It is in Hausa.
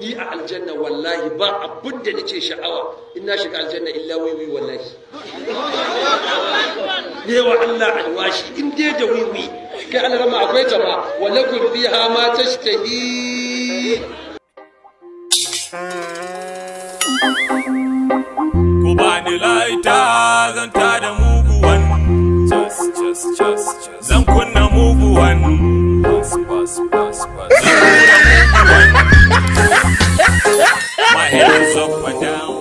ni a aljanna wallahi ba abin da nake sha'awa in na shiga aljanna illa wiwi wallahi ne wa Allah alwashi in dai da wiwi kai alrama rama akwai ta ma wa lakum fiha ma tashtahi Kubani bani laita zan ta da muguwan zan kunna muguwan zan kunna muguwan hands up and down.